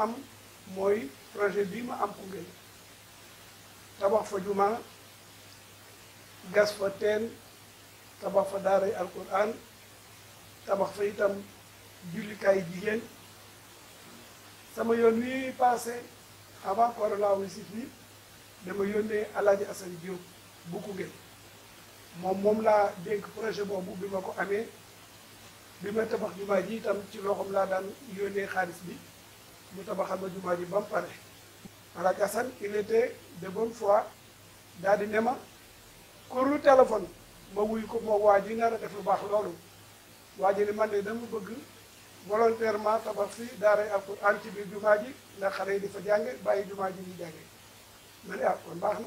am mooy projet bii ma am Koungheul tabax fa jumaa gas fa teen tabax fa daaray alquran tabax fa itam jullikaay jigéen sama yoon wi passé avant corona wi si fii dama yónnee Alaaji Assane Diop bu Koungheul moom moom laa dénk projet boobu bi ma ko amee bi ma tabax jumaa ji itam ci loxoom laa daan yónnee xaalis bi ñu tabaxal ma jumaa ji ba mu pare Malak Assane il était de bonne foi daal di ne ma kurlu téléphone ma wuy ko moo waa ji nar a def lu baax loolu waa ji ni man de dama bëgg volontairement tabax fi daaray alquran ci biir jumaa ji ndax xale yi di fa jànge bàyyi jumaa ji di jànge ma ne ah kon baax na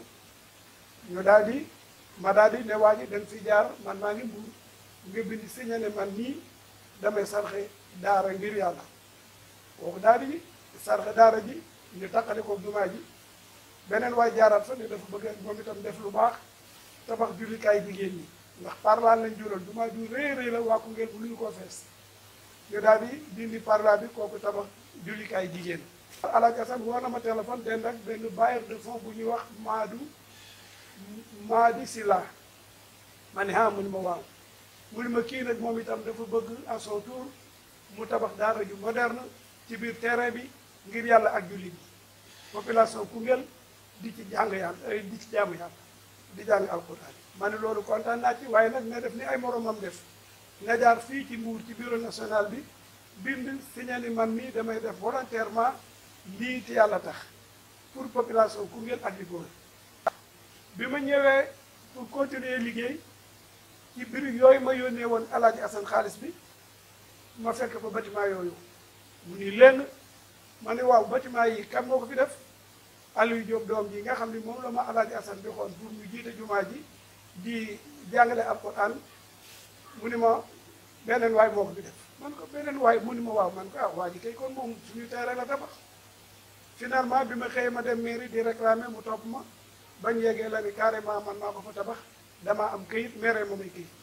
ñu daal di ma daal di ne waa ji dañ jaar man maa ngi mbuur nga bind signé ne man nii damay sarxe daara ngir yàlla kooku daal sarxe daara ji ñu taqale ko jumaa ji beneen waay jaaraat fa ne dafa bëgg moom itam def lu baax tabax jullikaay jigéen ñi ndax parla lañ jural jumaa ju rëy rëy la waa Koungheul bu ñu ko fees ñu daal di dindi parla bi kooku tabax jullikaay jigéen alakasan woo na ma téléphone dend ak benn bailleur de fonds bu ñuy wax maadu maadi sila ma ne ah mu ni ma waaw mu ni ma kii nag moom itam dafa bëgg à son mu tabax daara ju moderne ci biir terrain bi ngir yalla ak jullit yi population Koungheul di ci jang yàlla eh, di ci jaamu yàlla di jang alquran man lolu loolu na ci waye nak ne def ni ay moromam def na jaar fi ci mbour ci bureau national bi bind signé ni man mi damay def volontairement li ci yalla tax pour population Koungheul ak li góor bi ma ñëwee pour continuer liggéey ci biru yoy ma yone won Alaaji Asan khalis bi ma fekk fa batima yoyu ni leng ma ne waaw bâtiment yi kan moo ko fi def yu Diop doom ji nga xam ni moom la ma Alaaji Asan bi xoon pour ñu jiite jumaa ji di jàngale alquran mu ni ma beneen waay moo ko fi def man ko beneen waay mu ni ma waaw man ko ah waa ji kay kon moom suñu terrain la tabax finalement bi ma xëyee ma dem mairie di réclamer mu topp ma bañ yeggee la ni carrément man maa ko fa tabax damaa am kayit këyit maire moomay këyit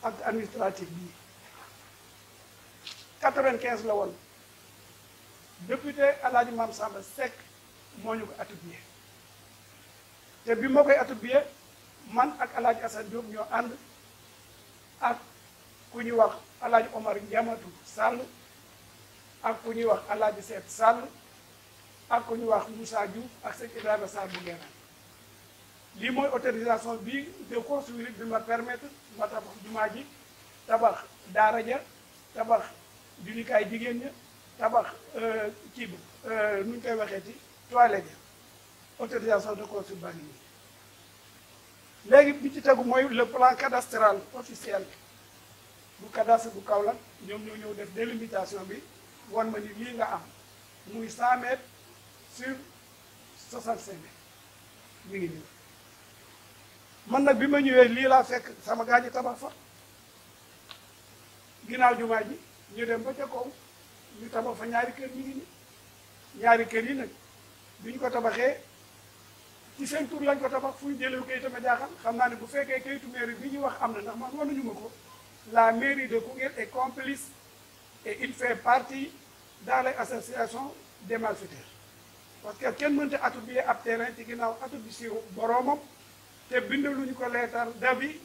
ak administratif bi 95 la woon député Alaaji Maam Samba Seck moo ñu ko attribué te bi ma koy attribué man ak Alaaji Assane Diop ñoo ànd ak ku ñuy wax Alaaji Omar Ndiamatu sàll ak ku ñuy wax Alaaji Seet Sall ak ku ñuy wax Moussa ak sëñ Ibrahima Sall bu Ngéeraan lii mooy autorisation bi de construire bi ma permettre ma tabax jumaa ji tabax daara ja tabax jullikaay jigéen ña tabax euh, kii bi euh, nu ñu koy waxee ci toilette ja autorisation de construire baa léegi bi ci tegu mooy le plan cadastral officiel bu cadastre bu kaw Kaolack ñoom ñoo ñëw def délimitation bi wan ma ni lii nga am muy 100 mètres sur 65 mètres mi man nak bima ma ñëwee lii laa fekk sama gaaji tabax fa ginaaw jumaa ji ñu dem ba ca kaw ñu tabax fa ñaari kër ñi ngi nii ñaari kër yi nak bi ko tabaxé ci seen tour lañ ko tabax fu ñu jëlee kayitam a jaaxal xam naa ne bu fekkee kayitu mairie bi ñu wax am na ndax man wanuñu ma ko la mairie de Koungheul est complice et il fait partie dans les associations des malfaiteurs parce que kenn mënta attribuer ab terrain ci ginaaw ginnaaw attribution boroomam. te bindaluñu ko leetar d'avis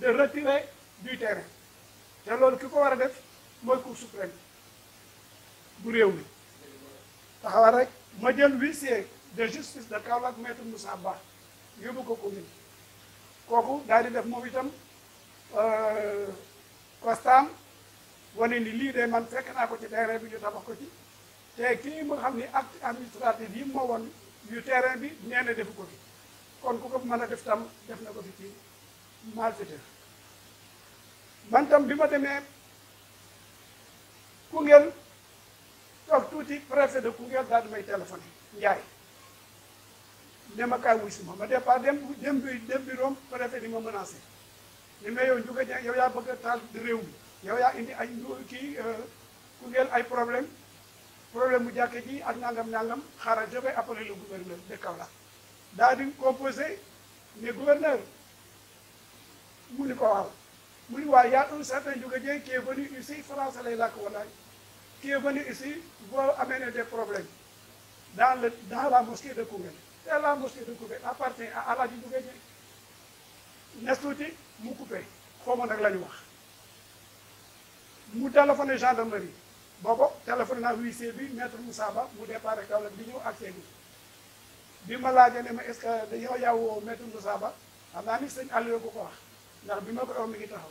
de retrait du terrain te loolu ki ko war a def mooy cour suprême bu réew mi taxawal rek ma jël huissier de justice de Kaolack maître Moussa Ba yóbbu ko commune kooku daal di def moom itam euh, constat wane ni lii de man fekk naa ko ci terrain bi ñu tabax ko ci te kii ma xam ni acte administratif yi moo woon yu terrain bi nee defu ko fi kon ku ko mën def tam def na ko fi ci malfaiteur man tam bima ma ku ngel tok touti préfet de ku ngel dal may téléphoné Ndiaye né ma kay wuy ma dé départ dem dem bi dem bi rom préfet di ma menacé ni may yow Ndiouga Dieng yow ya bëgg a taal réew mi yow ya indi ay ku euh, ngel ay problème problème mu jakké ji ak nangam nangam xara je appeler le gouverneur de Kaolack daal di composé ne gouverneur mu ni ko waaw mu ni waaw y'a un certain Diogadien qui est venu ici français lay làkk walaay qui est venu ici pour amener des problèmes dans le dans la mosquée de Koungheul te la mosquée de Koungheul appartient à Alaaji Diogadien nes mu coupé xaw ma nag la ñu wax mu téléphoné gendarmerie boobu téléphoné naa huissier bi maître Moussa Ba mu déparé Kaolack bi ñëw ak seegi bi ma laajee ne ma est-ce que yow yaa woo maître Moussa Ba naa ni sëñ Aliou ko ko wax ndax bi ma ko woo ngi taxaw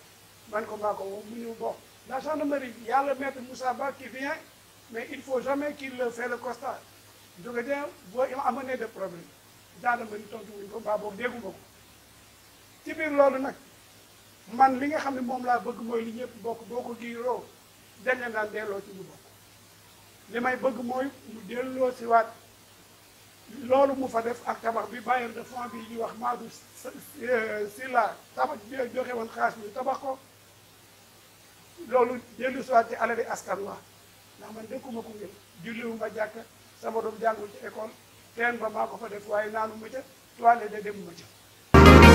man ko maa ko mu ñëw bon la gendarmerie y a le maître Moussa Ba qui mais il faut jamais qu'il fait le constat jóge de boo amené de problème gendarmerie tontu wuñ ko mbaa boobu déggu ko ci loolu nag man li nga xam ne moom laa bëgg mooy li ñëpp bokk boo ko giiroo dañ leen delloo ci lu bokk li may bëgg mooy mu delloo si waat loolu mu fa def ak tabax bi bailleur de fonds bi ñuy wax Maadou Silla euh, tabax joxe woon xaalis bi tabax ko loolu dellu soit ci alali askan wa ndax man dëkkuma ko ngeen julliwu ma jàkk sama doom jàngul ci école teen ba maa ko fa def waaye naanu ma ca toilette de dem ma